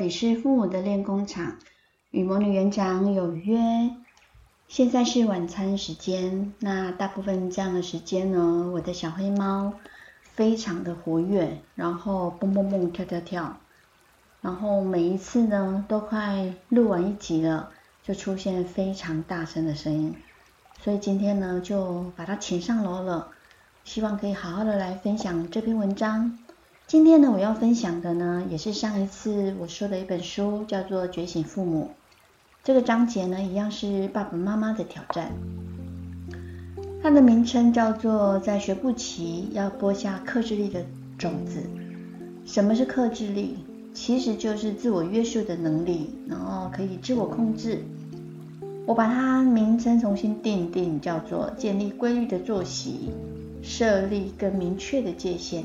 這裡是父母的練功場，與魔女園長有約。現在是晚餐時間，那大部分這樣的時間呢，我的小黑貓非常的活躍，然後蹦蹦蹦跳跳跳，然後每一次呢都快錄完一集了，就出現非常大聲的聲音，所以今天呢就把它請上樓了，希望可以好好的來分享這篇文章。今天呢，我要分享的呢，也是上一次我說的一本書，叫做《覺醒父母》。這個章節呢，一樣是爸爸媽媽的挑戰。它的名稱叫做“在學步期要播下克制力的種子”。什麼是克制力？其實就是自我約束的能力，然後可以自我控制。我把它名稱重新定定，叫做“建立規律的作息，設立更明確的界線”。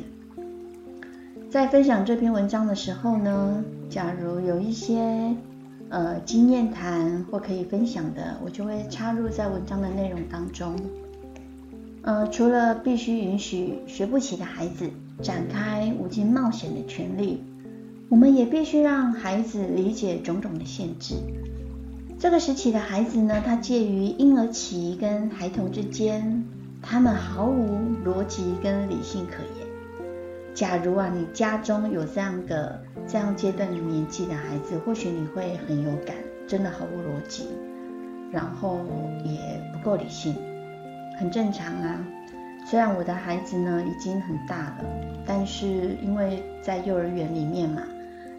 在分享這篇文章的時候呢，假如有一些呃經驗談或可以分享的，我就會插入在文章的內容當中。呃，除了必須允許學步期的孩子展開無盡冒險的權利，我們也必須讓孩子理解種種的限制。這個時期的孩子呢，他介於嬰兒期跟孩童之間，他們毫無邏輯跟理性可言。假如啊，你家中有這樣的這樣階段的年紀的孩子，或許你會很有感，真的毫無邏輯，然後也不夠理性，很正常啊。雖然我的孩子呢已經很大了，但是因為在幼兒園裡面嘛，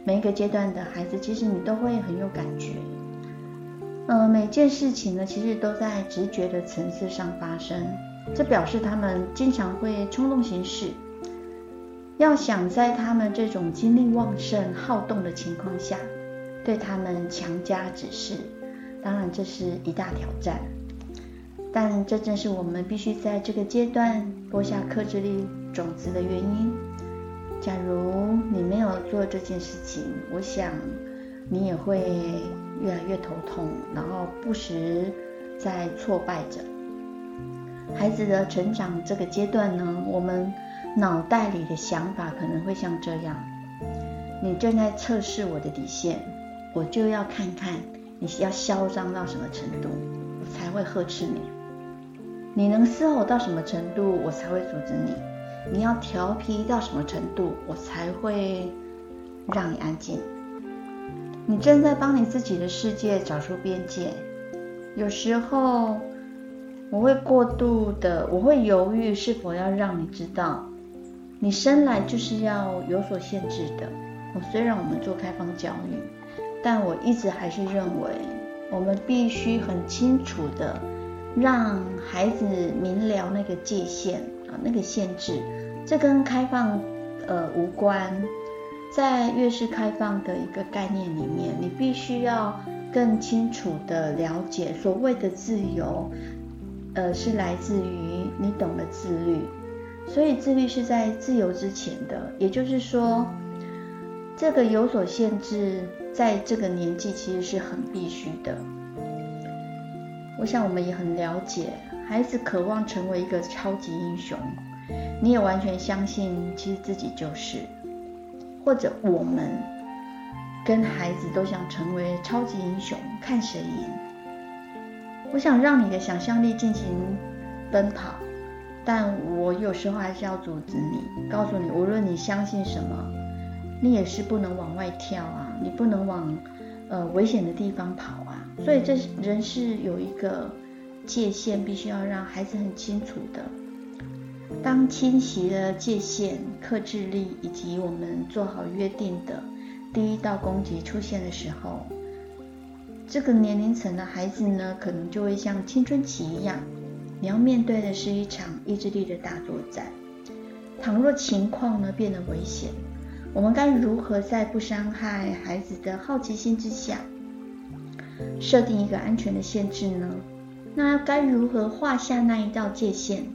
每一個階段的孩子，其實你都會很有感覺。嗯、呃，每件事情呢，其實都在直覺的層次上發生，這表示他們經常會衝動行事。要想在他們這種精力旺盛、好動的情況下，對他們強加指示，當然這是一大挑戰。但這正是我們必須在這個階段播下克制力種子的原因。假如你沒有做這件事情，我想你也會越來越頭痛，然後不時在挫敗着。孩子的成長這個階段呢，我們。腦袋裡的想法可能會像這樣：你正在測試我的底線，我就要看看你要囂張到什麼程度，我才會呵斥你；你能嘶吼到什麼程度，我才會阻止你；你要調皮到什麼程度，我才會讓你安靜。你正在幫你自己的世界找出邊界。有時候我會過度的，我會猶豫是否要讓你知道。你生來就是要有所限制的。我雖然我們做開放教育，但我一直還是認為，我們必須很清楚的讓孩子明了那個界限啊，那個限制。這跟開放呃無關。在越是開放的一個概念裡面，你必須要更清楚的了解，所謂的自由，呃，是來自於你懂得自律。所以，自律是在自由之前的，也就是說，這個有所限制，在這個年紀其實是很必須的。我想我們也很了解，孩子渴望成為一個超級英雄，你也完全相信，其實自己就是，或者我們跟孩子都想成為超級英雄，看誰贏。我想讓你的想象力進行奔跑。但我有時候還是要阻止你，告訴你，無論你相信什麼，你也是不能往外跳啊，你不能往呃危險的地方跑啊。所以，這人是有一個界限，必須要讓孩子很清楚的。當清晰的界限、克制力以及我們做好約定的第一道攻擊出現的時候，這個年齡層的孩子呢，可能就會像青春期一樣。你要面對的是一場意志力的大作戰。倘若情況呢，變得危險，我們該如何在不傷害孩子的好奇心之下，設定一個安全的限制呢？那該如何劃下那一道界限？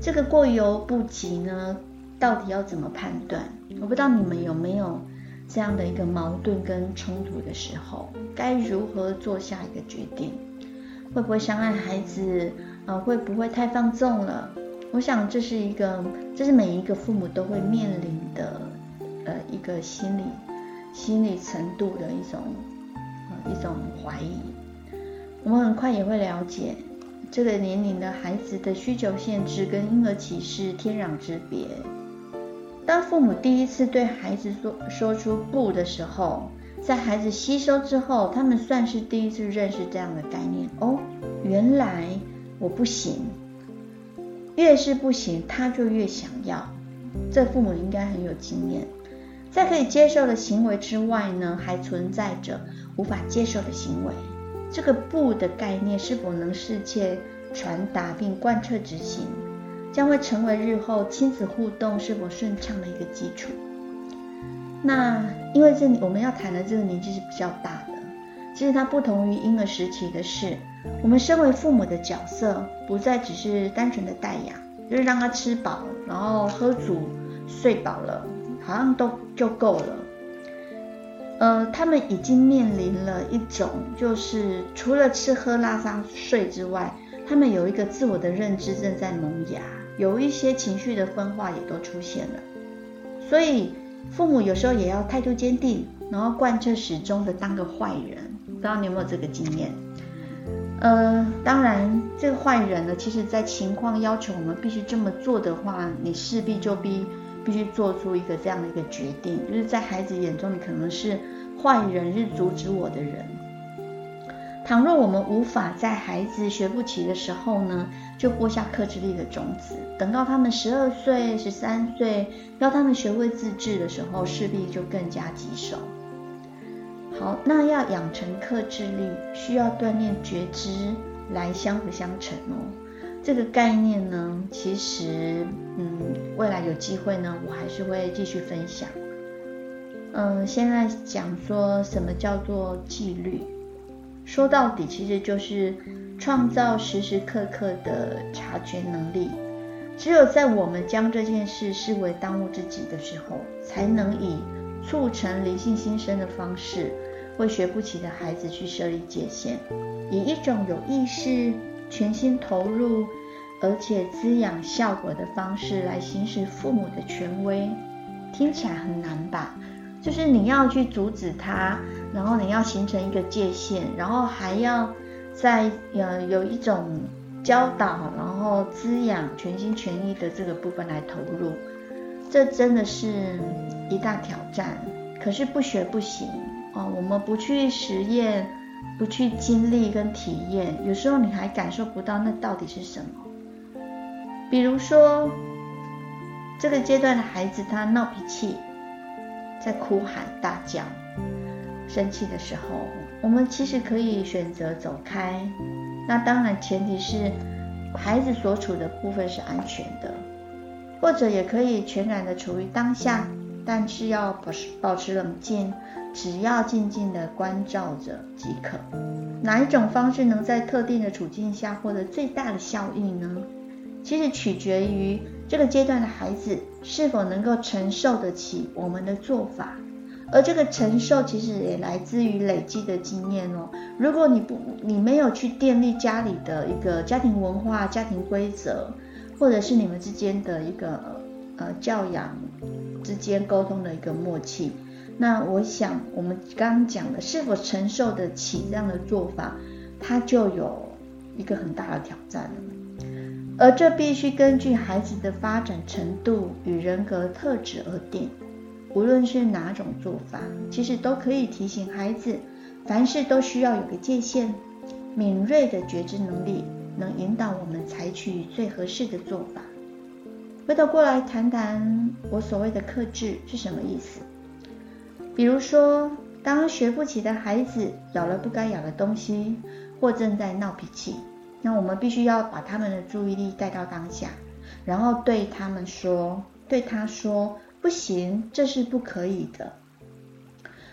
這個過猶不及呢，到底要怎麼判斷？我不知道你們有沒有這樣的一個矛盾跟衝突的時候，該如何做下一個決定？會不會傷害孩子？會不會太放縱了？我想這是一個，這是每一個父母都會面臨的，呃，一個心理心理程度的一種，呃，一種懷疑。我們很快也會了解，這個年齡的孩子的需求限制跟嬰兒期是天壤之別。當父母第一次對孩子說，說出不的時候，在孩子吸收之後，他們算是第一次認識這樣的概念哦，原來。我不行，越是不行，他就越想要。這父母應該很有經驗，在可以接受的行為之外呢，還存在着無法接受的行為。這個“不”的概念是否能適切傳達並貫徹執行，將會成為日後親子互動是否順暢的一個基礎。那因為這我們要談的這個年紀是比較大的。其實它不同於嬰兒時期的是，我們身為父母的角色不再只是單純的帶養，就是讓他吃飽，然後喝足，睡飽了，好像都就夠了。呃，他們已經面臨了一種，就是除了吃喝拉撒睡之外，他們有一個自我的認知正在萌芽，有一些情緒的分化也都出現了。所以父母有時候也要態度堅定，然後貫徹始終的當個壞人。不知道你有沒有這個經驗？呃，當然，這個壞人呢，其實在情況要求我們必須這麼做的話，你勢必就必必須做出一個這樣的一個決定，就是在孩子眼中，你可能是壞人，是阻止我的人。倘若我們無法在孩子學步期的時候呢，就播下克制力的種子，等到他們十二歲、十三歲，要他們學會自制的時候，勢必就更加棘手。好，那要養成克制力，需要鍛鍊覺知來相輔相成哦。這個概念呢，其實嗯，未來有機會呢，我還是會繼續分享。嗯，現在講說什麼叫做紀律？說到底，其實就是創造時時刻刻的察覺能力。只有在我們將這件事視為當務之急的時候，才能以促成靈性新生的方式。為學步期的孩子去設立界限，以一種有意識、全心投入，而且滋養效果的方式來行使父母的權威，聽起來很難吧？就是你要去阻止他，然後你要形成一個界限，然後還要在呃有一種教導，然後滋養、全心全意的這個部分來投入，這真的是一大挑戰。可是不學不行。哦，我們不去實驗，不去經歷跟體驗，有時候你還感受不到那到底是什麼。比如說，這個階段的孩子他鬧脾氣，在哭喊大叫、生氣的時候，我們其實可以選擇走開。那當然，前提是孩子所處的部分是安全的，或者也可以全然的處於當下，但是要保持保持冷靜。只要靜靜的關照着即可。哪一種方式能在特定的處境下獲得最大的效益呢？其實取決於這個階段的孩子是否能夠承受得起我們的做法，而這個承受其實也來自於累積的經驗哦。如果你不，你沒有去建立家裡的一個家庭文化、家庭規則，或者是你們之間的一個呃教養之間溝通的一個默契。那我想，我們剛剛講的是否承受得起這樣的做法，它就有一個很大的挑戰了。而這必須根據孩子的發展程度與人格特質而定。無論是哪種做法，其實都可以提醒孩子，凡事都需要有個界限。敏銳的覺知能力能引導我們採取最合適的做法。回頭過來談談我所謂的克制是什麼意思。比如說，當學步期的孩子咬了不該咬的東西，或正在鬧脾氣，那我們必須要把他們的注意力帶到當下，然後對他們說：“對他說，不行，這是不可以的。”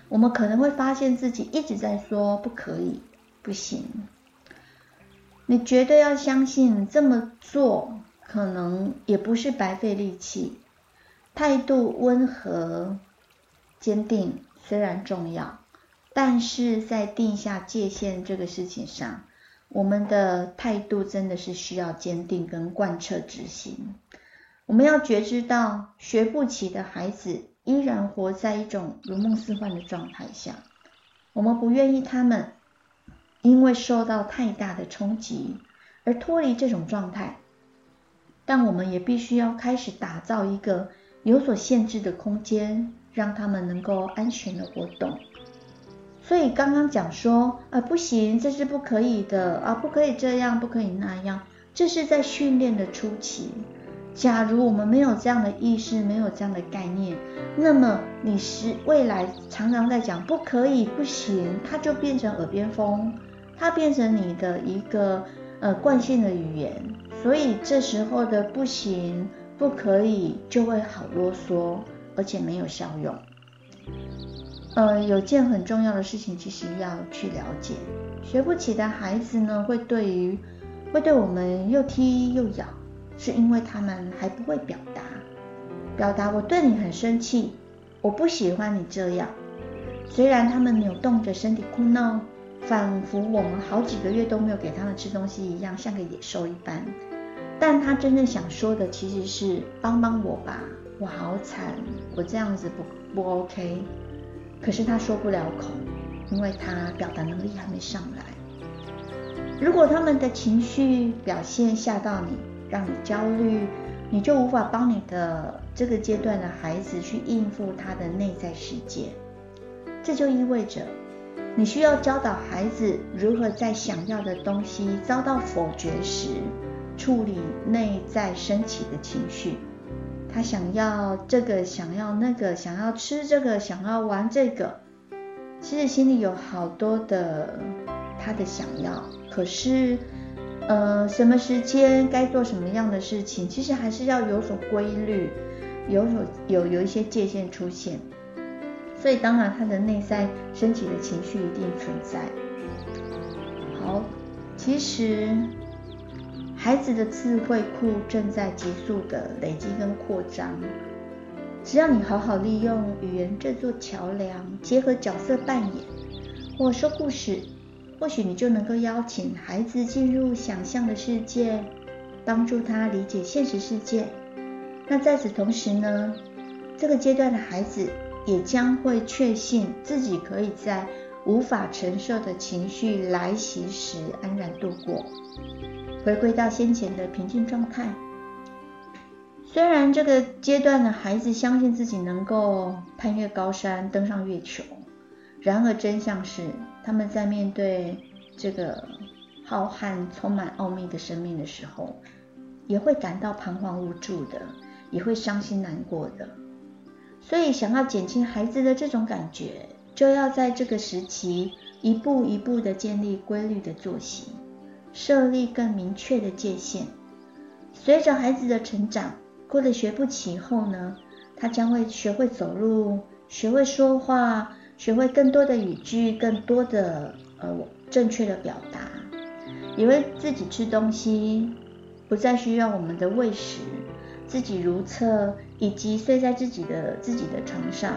我們可能會發現自己一直在說“不可以，不行”，你絕對要相信這麼做可能也不是白費力氣，態度溫和。堅定雖然重要，但是在定下界限這個事情上，我們的態度真的是需要堅定跟貫徹執行。我們要覺知到學步期的孩子依然活在一種如夢似幻的狀態下，我們不願意他們因為受到太大的衝擊而脫離這種狀態，但我們也必須要開始打造一個有所限制的空間，讓他們能夠安全的活動。所以剛剛講說，呃、啊，不行，這是不可以的啊，不可以這樣，不可以那樣。這是在訓練的初期。假如我們沒有這樣的意識，沒有這樣的概念，那麼你是未來常常在講，不可以，不行，它就變成耳邊風，它變成你的一個呃慣性的語言。所以這時候的不行、不可以就會好囉嗦。而且沒有效用。呃，有件很重要的事情，其實要去了解，學步期的孩子呢，會對於會對我們又踢又咬，是因為他們還不會表達，表達我對你很生氣，我不喜歡你這樣。雖然他們扭動着身體哭鬧，仿佛我們好幾個月都沒有給他們吃東西一樣，像個野獸一般，但他真正想說的其實是幫幫我吧。我好慘，我這樣子不不 OK。可是他說不了口，因為他表達能力還沒上來。如果他們的情緒表現嚇到你，讓你焦慮，你就無法幫你的這個階段的孩子去應付他的內在世界。這就意味着你需要教導孩子如何在想要的東西遭到否決時，處理內在升起的情緒。他想要這個，想要那個，想要吃這個，想要玩這個，其實心裡有好多的他的想要。可是，呃，什麼時間該做什麼樣的事情，其實還是要有所規律，有所有有一些界限出現。所以，當然他的內在升起的情緒一定存在。好，其實。孩子的智慧庫正在急速的累積跟擴張，只要你好好利用語言這座橋樑，結合角色扮演或說故事，或許你就能夠邀請孩子進入想象的世界，幫助他理解現實世界。那在此同時呢，這個階段的孩子也將會確信自己可以在，無法承受的情緒來襲時，安然度過，回歸到先前的平靜狀態。雖然這個階段的孩子相信自己能夠攀越高山、登上月球，然而真相是，他們在面對這個浩瀚、充滿奧祕的生命的時候，也會感到彷徨無助的，也會傷心難過的。所以，想要減輕孩子的這種感覺。就要在這個時期一步一步的建立規律的作息，設立更明確的界限。隨着孩子的成長，過了學步期後呢，他將會學會走路，學會說話，學會更多的語句，更多的呃正確的表達，也會自己吃東西，不再需要我們的餵食，自己如廁，以及睡在自己的自己的床上。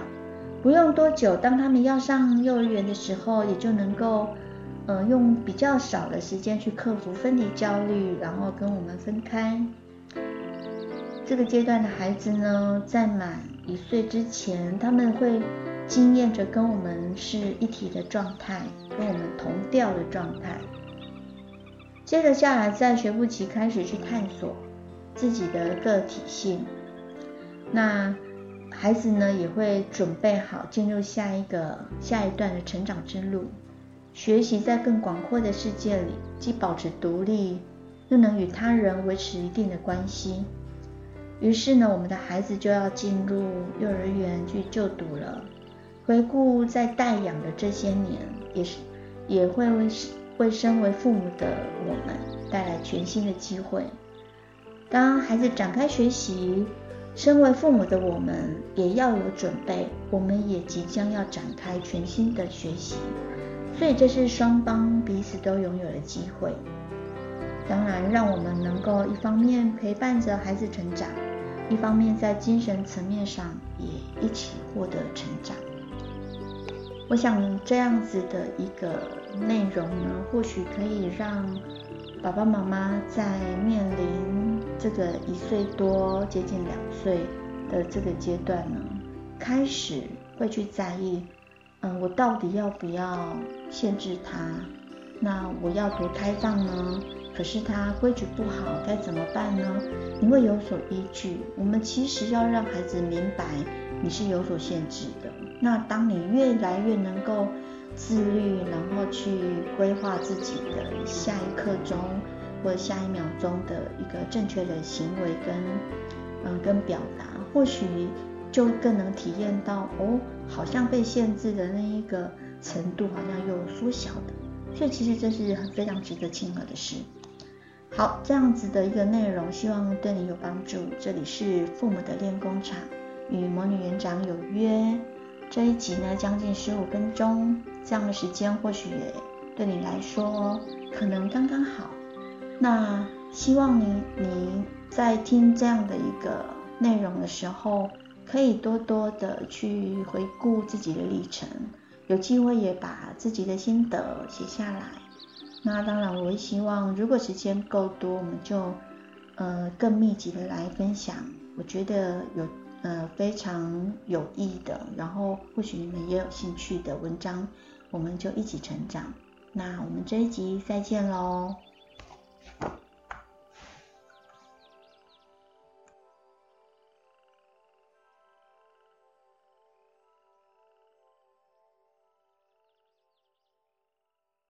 不用多久，當他們要上幼兒園的時候，也就能夠，呃用比較少的時間去克服分離焦慮，然後跟我們分開。這個階段的孩子呢，在滿一歲之前，他們會經驗着跟我們是一體的狀態，跟我們同調的狀態。接着下來，在學步期開始去探索自己的個體性，那。孩子呢也會準備好進入下一個下一段的成長之路，學習在更廣闊的世界裡，既保持獨立，又能與他人維持一定的關係。於是呢，我們的孩子就要進入幼兒園去就讀了。回顧在帶養的這些年，也是也會為為身為父母的我們帶來全新的機會。當孩子展開學習。身為父母的我們也要有準備，我們也即將要展開全新的學習，所以這是雙方彼此都擁有的機會。當然，讓我們能夠一方面陪伴着孩子成長，一方面在精神層面上也一起獲得成長。我想這樣子的一個內容呢，或許可以讓爸爸媽媽在面臨這個一歲多接近兩歲的這個階段呢，開始會去在意，嗯，我到底要不要限制他？那我要多開放呢？可是他規矩不好，該怎麼辦呢？你會有所依據。我們其實要讓孩子明白，你是有所限制的。那當你越來越能夠自律，然後去規劃自己的下一刻鐘，或者下一秒鐘的一個正確的行為跟嗯跟表達，或許就更能體驗到哦，好像被限制的那一個程度好像又縮小的，所以其實這是非常值得慶賀的事。好，這樣子的一個內容，希望對你有幫助。這裡是父母的練功場，與魔女園長有約。這一集呢，將近十五分鐘。這樣的時間或許對你來說可能剛剛好。那希望你你在聽這樣的一個內容的時候，可以多多的去回顧自己的歷程，有機會也把自己的心得寫下來。那當然，我也希望如果時間夠多，我們就呃更密集的來分享。我覺得有呃非常有益的，然後或許你們也有興趣的文章。我們就一起成長。那我們這一集再見嘍。